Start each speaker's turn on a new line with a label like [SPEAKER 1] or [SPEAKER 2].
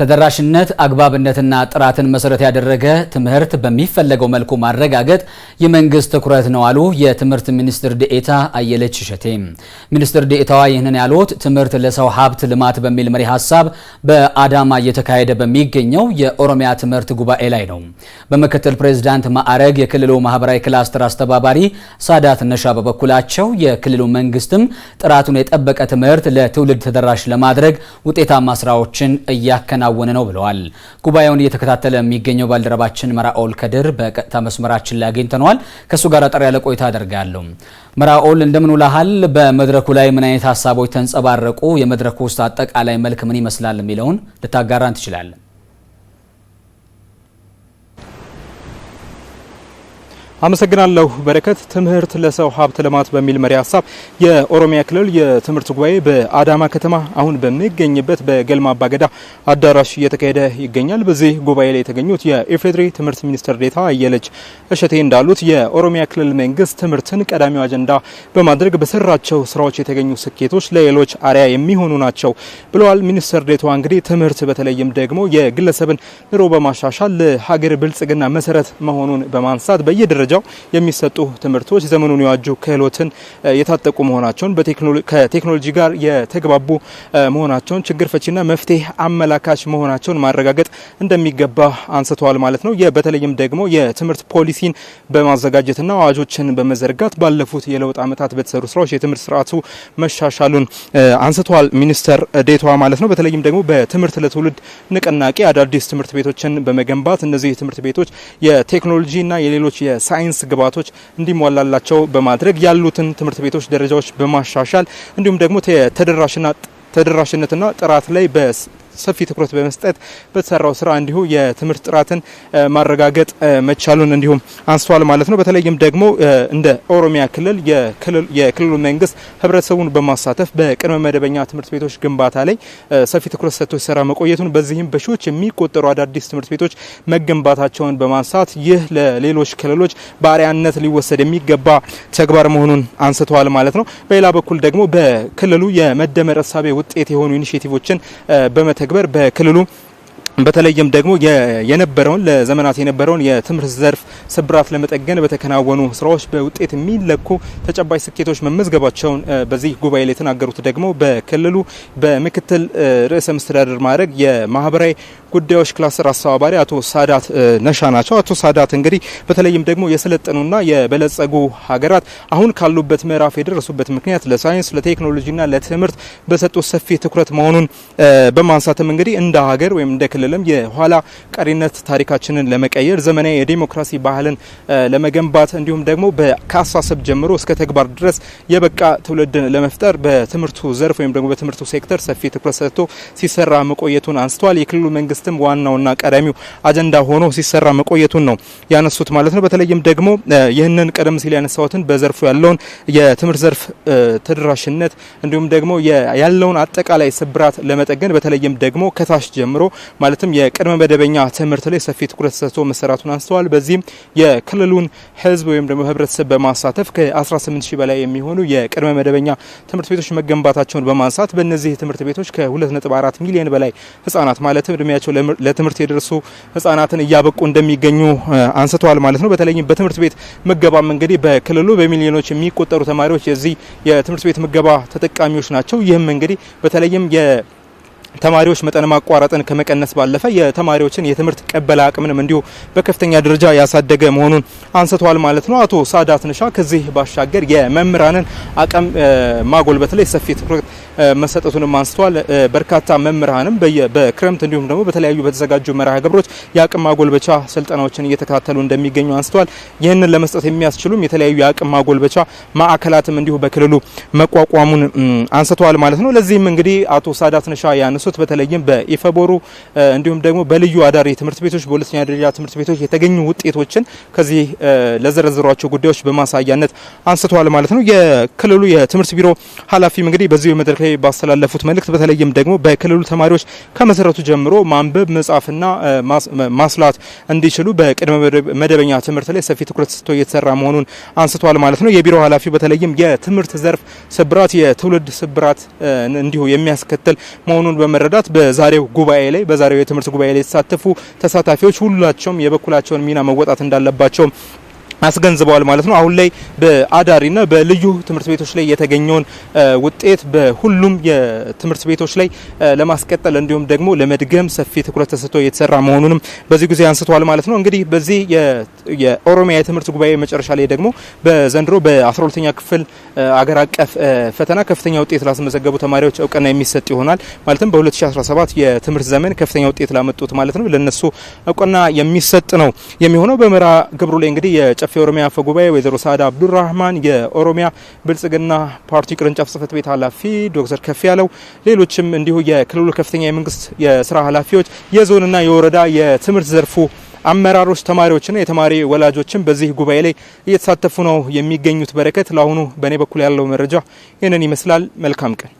[SPEAKER 1] ተደራሽነት አግባብነትና ጥራትን መሰረት ያደረገ ትምህርት በሚፈለገው መልኩ ማረጋገጥ የመንግስት ትኩረት ነው አሉ የትምህርት ሚኒስትር ዴኤታ አየለች እሸቴ። ሚኒስትር ዴኤታዋ ይህንን ያሉት ትምህርት ለሰው ሀብት ልማት በሚል መሪ ሀሳብ በአዳማ እየተካሄደ በሚገኘው የኦሮሚያ ትምህርት ጉባኤ ላይ ነው። በምክትል ፕሬዝዳንት ማዕረግ የክልሉ ማህበራዊ ክላስተር አስተባባሪ ሳዳት ነሻ በበኩላቸው የክልሉ መንግስትም ጥራቱን የጠበቀ ትምህርት ለትውልድ ተደራሽ ለማድረግ ውጤታማ ስራዎችን እያከናወ እየተከናወነ ነው ብለዋል። ጉባኤውን እየተከታተለ የሚገኘው ባልደረባችን መራኦል ከድር በቀጥታ መስመራችን ላይ አግኝተነዋል። ከእሱ ጋር አጠር ያለ ቆይታ አደርጋለሁ። መራኦል እንደምን ውለሃል? በመድረኩ ላይ ምን አይነት ሀሳቦች ተንጸባረቁ? የመድረኩ ውስጥ አጠቃላይ መልክ ምን ይመስላል የሚለውን ልታጋራን ትችላለን?
[SPEAKER 2] አመሰግናለሁ በረከት። ትምህርት ለሰው ሀብት ልማት በሚል መሪ ሀሳብ የኦሮሚያ ክልል የትምህርት ጉባኤ በአዳማ ከተማ አሁን በሚገኝበት በገልማ አባገዳ አዳራሽ እየተካሄደ ይገኛል። በዚህ ጉባኤ ላይ የተገኙት የኢፌዴሪ ትምህርት ሚኒስትር ዴታ አየለች እሸቴ እንዳሉት የኦሮሚያ ክልል መንግስት ትምህርትን ቀዳሚው አጀንዳ በማድረግ በሰራቸው ስራዎች የተገኙ ስኬቶች ለሌሎች አሪያ የሚሆኑ ናቸው ብለዋል። ሚኒስትር ዴታ እንግዲህ ትምህርት በተለይም ደግሞ የግለሰብን ኑሮ በማሻሻል ለሀገር ብልጽግና መሰረት መሆኑን በማንሳት በየደረጃ ደረጃው የሚሰጡ ትምህርቶች ዘመኑን የዋጁ ክህሎትን የታጠቁ መሆናቸውን ከቴክኖሎጂ ጋር የተግባቡ መሆናቸውን ችግር ፈቺና መፍትሄ አመላካች መሆናቸውን ማረጋገጥ እንደሚገባ አንስተዋል ማለት ነው። በተለይም ደግሞ የትምህርት ፖሊሲን በማዘጋጀትና አዋጆችን በመዘርጋት ባለፉት የለውጥ ዓመታት በተሰሩ ስራዎች የትምህርት ስርዓቱ መሻሻሉን አንስተዋል ሚኒስተር ዴታዋ ማለት ነው። በተለይም ደግሞ በትምህርት ለትውልድ ንቅናቄ አዳዲስ ትምህርት ቤቶችን በመገንባት እነዚህ ትምህርት ቤቶች የቴክኖሎጂና የሌሎች የሳይንስ ግብዓቶች እንዲሟላላቸው በማድረግ ያሉትን ትምህርት ቤቶች ደረጃዎች በማሻሻል እንዲሁም ደግሞ ተደራሽና ተደራሽነትና ጥራት ላይ ሰፊ ትኩረት በመስጠት በተሰራው ስራ እንዲሁ የትምህርት ጥራትን ማረጋገጥ መቻሉን እንዲሁም አንስቷል ማለት ነው። በተለይም ደግሞ እንደ ኦሮሚያ ክልል የክልሉ መንግስት ህብረተሰቡን በማሳተፍ በቅድመ መደበኛ ትምህርት ቤቶች ግንባታ ላይ ሰፊ ትኩረት ሰጥቶ ሲሰራ መቆየቱን በዚህም በሺዎች የሚቆጠሩ አዳዲስ ትምህርት ቤቶች መገንባታቸውን በማንሳት ይህ ለሌሎች ክልሎች በአርአያነት ሊወሰድ የሚገባ ተግባር መሆኑን አንስተዋል ማለት ነው። በሌላ በኩል ደግሞ በክልሉ የመደመር እሳቤ ውጤት የሆኑ ኢኒሽቲቮችን በመ ለመተግበር በክልሉ በተለይም ደግሞ የነበረውን ለዘመናት የነበረውን የትምህርት ዘርፍ ስብራት ለመጠገን በተከናወኑ ስራዎች በውጤት የሚለኩ ተጨባጭ ስኬቶች መመዝገባቸውን በዚህ ጉባኤ ላይ የተናገሩት ደግሞ በክልሉ በምክትል ርዕሰ መስተዳደር ማድረግ የማህበራዊ ጉዳዮች ክላስተር አስተባባሪ አቶ ሳዳት ነሻ ናቸው። አቶ ሳዳት እንግዲህ በተለይም ደግሞ የሰለጠኑና የበለጸጉ ሀገራት አሁን ካሉበት ምዕራፍ የደረሱበት ምክንያት ለሳይንስ ለቴክኖሎጂና ለትምህርት በሰጡት ሰፊ ትኩረት መሆኑን በማንሳትም እንግዲህ እንደ ሀገር ወይም እንደ ክልል አይደለም የኋላ ቀሪነት ታሪካችንን ለመቀየር ዘመናዊ የዲሞክራሲ ባህልን ለመገንባት እንዲሁም ደግሞ ከአሳሰብ ጀምሮ እስከ ተግባር ድረስ የበቃ ትውልድን ለመፍጠር በትምህርቱ ዘርፍ ወይም ደግሞ በትምህርቱ ሴክተር ሰፊ ትኩረት ሰጥቶ ሲሰራ መቆየቱን አንስተዋል። የክልሉ መንግስትም ዋናውና ቀዳሚው አጀንዳ ሆኖ ሲሰራ መቆየቱን ነው ያነሱት ማለት ነው። በተለይም ደግሞ ይህንን ቀደም ሲል ያነሳሁትን በዘርፉ ያለውን የትምህርት ዘርፍ ተደራሽነት እንዲሁም ደግሞ ያለውን አጠቃላይ ስብራት ለመጠገን በተለይም ደግሞ ከታች ጀምሮ ማለት ማለትም የቅድመ መደበኛ ትምህርት ላይ ሰፊ ትኩረት ሰጥቶ መሰራቱን አንስተዋል። በዚህም የክልሉን ህዝብ ወይም ደግሞ ህብረተሰብ በማሳተፍ ከ18 ሺህ በላይ የሚሆኑ የቅድመ መደበኛ ትምህርት ቤቶች መገንባታቸውን በማንሳት በእነዚህ ትምህርት ቤቶች ከ2.4 ሚሊዮን በላይ ህጻናት ማለትም እድሜያቸው ለትምህርት የደረሱ ህጻናትን እያበቁ እንደሚገኙ አንስተዋል ማለት ነው። በተለይም በትምህርት ቤት ምገባም እንግዲህ በክልሉ በሚሊዮኖች የሚቆጠሩ ተማሪዎች የዚህ የትምህርት ቤት ምገባ ተጠቃሚዎች ናቸው። ይህም እንግዲህ በተለይም ተማሪዎች መጠነ ማቋረጥን ከመቀነስ ባለፈ የተማሪዎችን የትምህርት ቀበላ አቅምንም እንዲሁ በከፍተኛ ደረጃ ያሳደገ መሆኑን አንስተዋል ማለት ነው። አቶ ሳዳት ንሻ ከዚህ ባሻገር የመምህራንን አቅም ማጎልበት ላይ ሰፊ ትኩረት መሰጠቱንም አንስተዋል። በርካታ መምህራንም በክረምት እንዲሁም ደግሞ በተለያዩ በተዘጋጁ መርሃ ግብሮች የአቅም ማጎልበቻ ስልጠናዎችን እየተከታተሉ እንደሚገኙ አንስተዋል። ይህንን ለመስጠት የሚያስችሉም የተለያዩ የአቅም ማጎልበቻ ማዕከላትም እንዲሁ በክልሉ መቋቋሙን አንስተዋል ማለት ነው። ለዚህም እንግዲህ አቶ ሳዳት ንሻ ያነ ያነሱት በተለይም በኢፈቦሩ እንዲሁም ደግሞ በልዩ አዳሪ ትምህርት ቤቶች በሁለተኛ ደረጃ ትምህርት ቤቶች የተገኙ ውጤቶችን ከዚህ ለዘረዘሯቸው ጉዳዮች በማሳያነት አንስተዋል ማለት ነው። የክልሉ የትምህርት ቢሮ ኃላፊም እንግዲህ በዚሁ መድረክ ላይ ባስተላለፉት መልእክት በተለይም ደግሞ በክልሉ ተማሪዎች ከመሰረቱ ጀምሮ ማንበብ መጻፍና ማስላት እንዲችሉ በቅድመ መደበኛ ትምህርት ላይ ሰፊ ትኩረት ሰጥቶ እየተሰራ መሆኑን አንስቷል ማለት ነው። የቢሮ ኃላፊው በተለይም የትምህርት ዘርፍ ስብራት የትውልድ ስብራት እንዲሁ የሚያስከትል መሆኑን በመረዳት በዛሬው ጉባኤ ላይ በዛሬው የትምህርት ጉባኤ ላይ የተሳተፉ ተሳታፊዎች ሁላቸውም የበኩላቸውን ሚና መወጣት እንዳለባቸው አስገንዝበዋል ማለት ነው። አሁን ላይ በአዳሪና በልዩ ትምህርት ቤቶች ላይ የተገኘውን ውጤት በሁሉም የትምህርት ቤቶች ላይ ለማስቀጠል እንዲሁም ደግሞ ለመድገም ሰፊ ትኩረት ተሰጥቶ የተሰራ መሆኑንም በዚህ ጊዜ አንስተዋል ማለት ነው። እንግዲህ በዚህ የኦሮሚያ የትምህርት ጉባኤ መጨረሻ ላይ ደግሞ በዘንድሮ በ12ኛ ክፍል አገር አቀፍ ፈተና ከፍተኛ ውጤት ላስመዘገቡ ተማሪዎች እውቅና የሚሰጥ ይሆናል። ማለትም በ2017 የትምህርት ዘመን ከፍተኛ ውጤት ላመጡት ማለት ነው ለነሱ እውቅና የሚሰጥ ነው የሚሆነው። በመርሃ ግብሩ ላይ እንግዲህ አቀፍ የኦሮሚያ አፈ ጉባኤ ወይዘሮ ሳዕዳ አብዱራህማን፣ የኦሮሚያ ብልጽግና ፓርቲ ቅርንጫፍ ጽህፈት ቤት ኃላፊ ዶክተር ከፍ ያለው፣ ሌሎችም እንዲሁ የክልሉ ከፍተኛ የመንግስት የስራ ኃላፊዎች፣ የዞንና የወረዳ የትምህርት ዘርፉ አመራሮች ተማሪዎችና የተማሪ ወላጆችም በዚህ ጉባኤ ላይ እየተሳተፉ ነው የሚገኙት። በረከት፣ ለአሁኑ በእኔ በኩል ያለው መረጃ ይህንን ይመስላል። መልካም ቀን።